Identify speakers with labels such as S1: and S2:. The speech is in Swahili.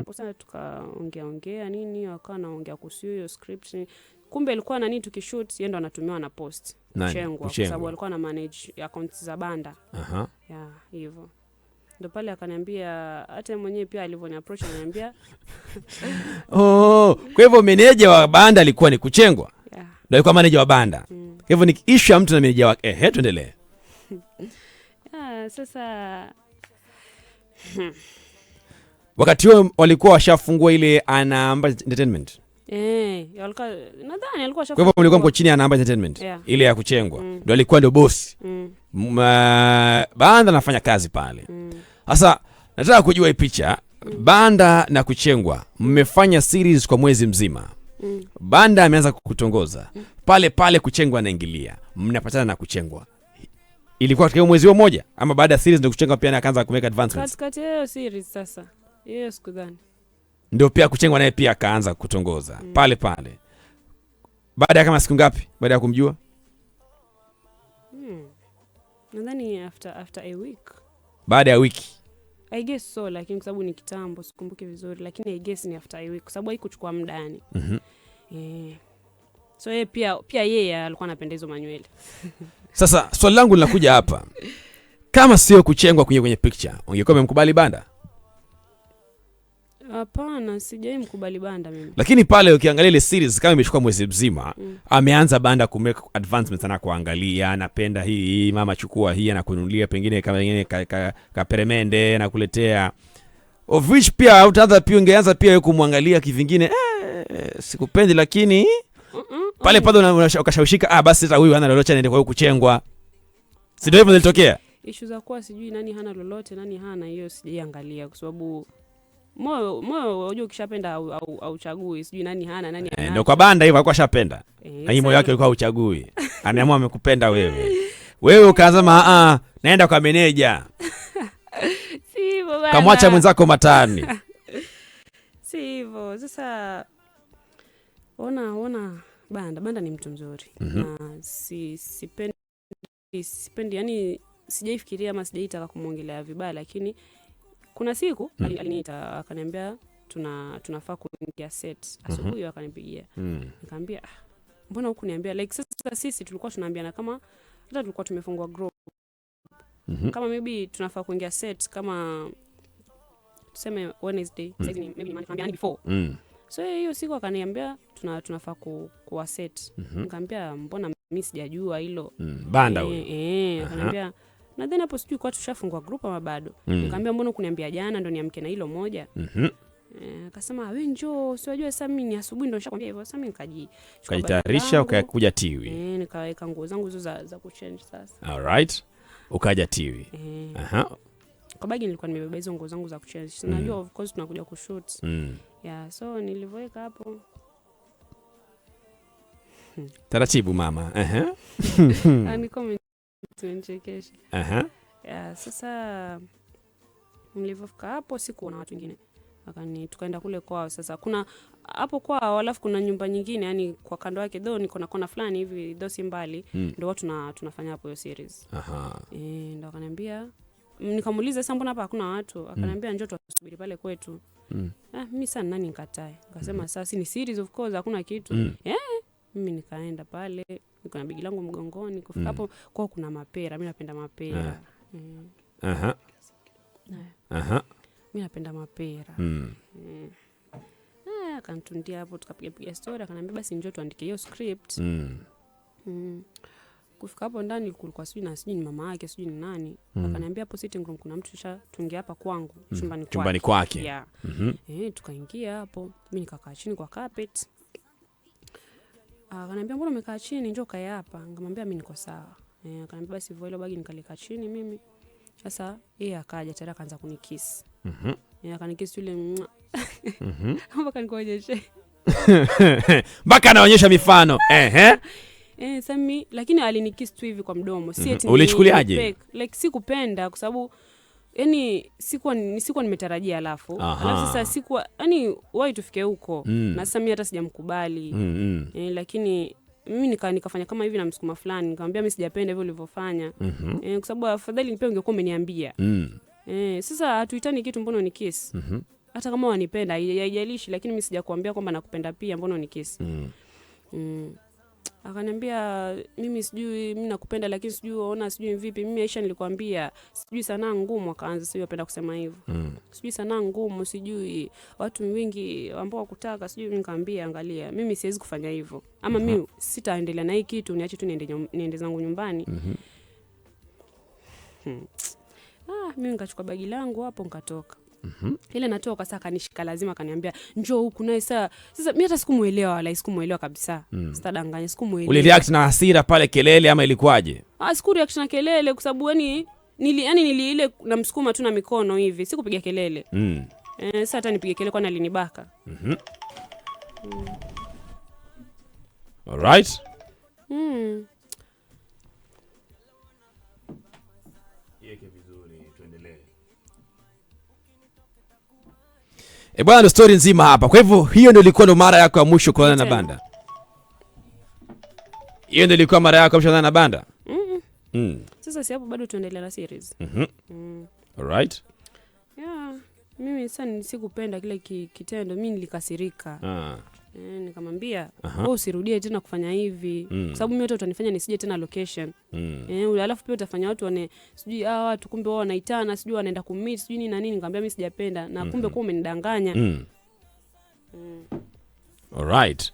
S1: hapo sana, tukaongea ongea nini, wakawa naongea kuhusu hiyo script. Kumbe ilikuwa nani, tukishoot yeye ndo anatumiwa na post kuchengwa, kwa sababu alikuwa na manage accounts za banda ya hivyo ndo pale akaniambia, hata mwenyewe pia alivyoni approach ananiambia
S2: oh, kwa hivyo meneja wa banda alikuwa ni Kuchengwa yeah. Ndo alikuwa maneja wa banda mm. Kwa hivyo ni ishu ya mtu na meneja wake. Ehe, tuendelee
S1: yeah, sasa
S2: Wakati huo walikuwa washafungua ile Anamba Entertainment.
S1: Eh, walikuwa nadhani alikuwa Kwa hivyo
S2: mlikuwa mko chini ya Anamba Entertainment yeah. Ile ya kuchengwa mm. ndio mm. Alikuwa ndio bosi mm. Banda anafanya kazi pale mm. sasa mm. Nataka kujua hii picha mm. Banda na kuchengwa mmefanya series kwa mwezi mzima mm. Banda ameanza kukutongoza mm. Pale pale kuchengwa anaingilia, mnapatana na kuchengwa ilikuwa katika mwezi huo mmoja ama baada ya series ndio kuchengwa pia akaanza kumeka advancements
S1: katikati ya series sasa Yes, kudhani.
S2: Ndio pia kuchengwa naye pia akaanza kutongoza mm. pale pale baada ya kama siku ngapi baada ya kumjua?
S1: Hmm. Nadhani after, after a week.
S2: Baada ya wiki
S1: I guess so, lakini kwa sababu ni kitambo sikumbuki vizuri, lakini I guess ni after a week kwa sababu haikuchukua muda yani. mm -hmm. yeah. So yeye pia pia yeye alikuwa anapenda hizo manywele
S2: Sasa swali langu linakuja hapa, kama sio kuchengwa kuja kwenye picture, ungekuwa umemkubali Banda?
S1: Hapana, sijai mkubali banda mimi.
S2: Lakini pale ukiangalia ile series kama imechukua mwezi mzima mm. Ameanza banda ku make advancements na kuangalia, anapenda hii mama chukua hii, anakununulia pengine kama nyingine ka, ka, ka peremende anakuletea. Of which pia utaanza pia ungeanza pia yeye kumwangalia kivingine eh, sikupendi lakini mm -mm. Pale pale unakashawishika, ah, basi sasa huyu hana lolote, anaenda kwa kuchengwa. Si ndio hivyo nilitokea
S1: Issue za kuwa sijui nani hana lolote, nani hana hiyo sijaiangalia kwa sababu moyo moyo, unajua ukishapenda auchagui, sijui nani hana nani eh,
S2: hana. Ndio kwa banda hivyo alikuwa shapenda, lakini eh, moyo wake alikuwa auchagui, ameamua amekupenda wewe, wewe ukaanzama a ah, ah, naenda kwa meneja,
S1: si hivyo bana, kamwacha
S2: mwenzako matani,
S1: si hivyo sasa. Ona ona, banda banda ni mtu mzuri mm -hmm. na si sipendi sipendi, yani sijaifikiria ama sijaitaka kumwongelea vibaya, lakini kuna siku mm. aliniita akaniambia tuna tunafaa kuingia set asubuhi. Mhm. mm -hmm. Akanipigia mm. nikaambia, ah, mbona huku niambia Like sasa sisi tulikuwa tunaambiana kama hata tulikuwa tumefungua group mm -hmm. kama maybe tunafaa kuingia set kama tuseme Wednesday mm. sasa maybe mm. before mm. so hiyo siku akaniambia tuna tunafaa ku, kuwa set mm -hmm. nikaambia mbona mimi sijajua hilo
S2: mm. banda eh, huyo
S1: eh, eh, akaniambia nadhani hapo sijui kwa tushafungua group ama bado mm. Nikamwambia mbona kuniambia jana ndo niamke na hilo moja mm -hmm. Akasema we njoo, siwajua sasa mimi ni asubuhi ndo nishakwambia hivyo. Sasa mimi
S2: kajitayarisha, ukakuja tiwi
S1: e, nikaweka nguo zangu hizo za, za kuchange sasa.
S2: All right, ukaja tiwi e. uh-huh.
S1: kwa bagi nilikuwa nimebeba hizo nguo zangu za kuchange mm. Najua of course tunakuja kushut mm. ya yeah, so nilivyoweka hapo
S2: taratibu mama, uh
S1: -huh tunichekeshe. Aha. Yeah, sasa nilivyofika hapo sikuona watu wengine akani tukaenda kule kwao. Sasa kuna hapo kwao, alafu kuna nyumba nyingine yani kwa kando yake do niko na kona fulani hivi do si mbali mm. Ndo tuna tunafanya hapo hiyo series
S2: aha. E,
S1: ndo akaniambia, nikamuuliza sasa, mbona hapa hakuna watu? Hmm. Akaniambia mm. njoo tusubiri pale kwetu mm. Ah, mimi sana nani nikatae, nikasema mm. sasa si ni series of course hakuna kitu mm. eh yeah. Mimi nikaenda pale niko na begi langu mgongoni kufika hapo mm. kwao kuna mapera, mi napenda mapera yeah.
S2: mm. uh-huh. uh-huh.
S1: mi napenda mapera mm. Mm. Eh. Eh, Akantundia hapo, tukapigapiga stori, akaniambia basi njoo tuandike hiyo script mm. Mm. Kufika hapo ndani kulikuwa sijui na sijui ni mama yake sijui ni nani mm. Akaniambia hapo sitting room kuna mtu sha tungia hapa kwangu mm. chumbani kwake
S2: yeah. mm -hmm.
S1: E, tukaingia hapo, mi nikakaa chini kwa carpet Ah, akaniambia mbona umekaa chini, njoo kae hapa. Nikamwambia mimi niko sawa. Eh, akaniambia basi vua hilo bagi, nikalikaa chini mimi. Sasa yeye akaja tayari akaanza kunikiss. Mhm. Eh, akanikisi yule Mhm. Mpaka nikuonyeshe.
S2: Mpaka anaonyesha mifano. Ehe.
S1: Eh, sami lakini alinikiss tu hivi kwa mdomo. Si mhm. eti ulichukuliaje? Like sikupenda kwa sababu yani sikuwa sikuwa nimetarajia, alafu alafu sasa sikuwa yani wai tufike huko mm. na sasa mi hata sijamkubali mm -hmm. e, lakini mimi nika, nikafanya kama hivi na msukuma fulani nikamwambia mi sijapenda hivyo ulivyofanya mm -hmm. e, kwa sababu afadhali pia ungekuwa umeniambia mm. e, sasa hatuhitani kitu, mbono ni kesi mm -hmm. hata kama wanipenda haijalishi, lakini mi sijakuambia kwamba nakupenda pia, mbono ni kesi mm. mm. Akaniambia mimi sijui, mimi nakupenda lakini sijui waona, sijui vipi. Mimi Aisha, nilikwambia sijui sanaa ngumu. Akaanza sijui apenda kusema hivyo mm. sijui sanaa ngumu, sijui watu wengi ambao wakutaka sijui. Nikaambia angalia, mimi siwezi kufanya hivyo ama mm -hmm. mimi sitaendelea na hii kitu, niache tu niende, niende zangu nyumbani mm -hmm. hmm. Ah, mimi nikachukua bagi langu hapo nikatoka mm -hmm. Ile natoa kwa saa kanishika, lazima kaniambia njoo huku naye saa. Sasa mimi hata sikumuelewa, wala sikumuelewa kabisa mm. Sitadanganya, sikumuelewa.
S2: na hasira pale kelele ama ilikuwaje?
S1: Ah, sikureact na kelele kwa sababu yani nili yani nili ile namsukuma tu na mikono hivi, sikupiga kelele mm. Eh, sasa hata nipige kelele kwani alinibaka
S2: mm-hmm. mm -hmm. mm. right mm. E bwana, ndo story nzima hapa. Kwa hivyo hiyo ndio ilikuwa ndo mara yako ya mwisho kuonana na Banda? Hiyo ndio ilikuwa mara yako ya mwisho kuonana na Banda? Mm. Mm.
S1: Sasa si hapo bado tuendelea na series. Mhm. Mm. All right. Yeah, mimi sasa nisikupenda kile kitendo, mimi nilikasirika. Ah. Eh, nikamwambia wewe oh, usirudie tena kufanya hivi mm. kwa sababu mimi hata utanifanya nisije tena location mm. eh, alafu pia utafanya watu wane sijui hawa watu kumbe wao wanaitana sijui wanaenda kummeet sijui nini na nini. Nikamwambia mimi sijapenda na mm, kumbe mm. kwa umenidanganya
S2: mm. mm. All right.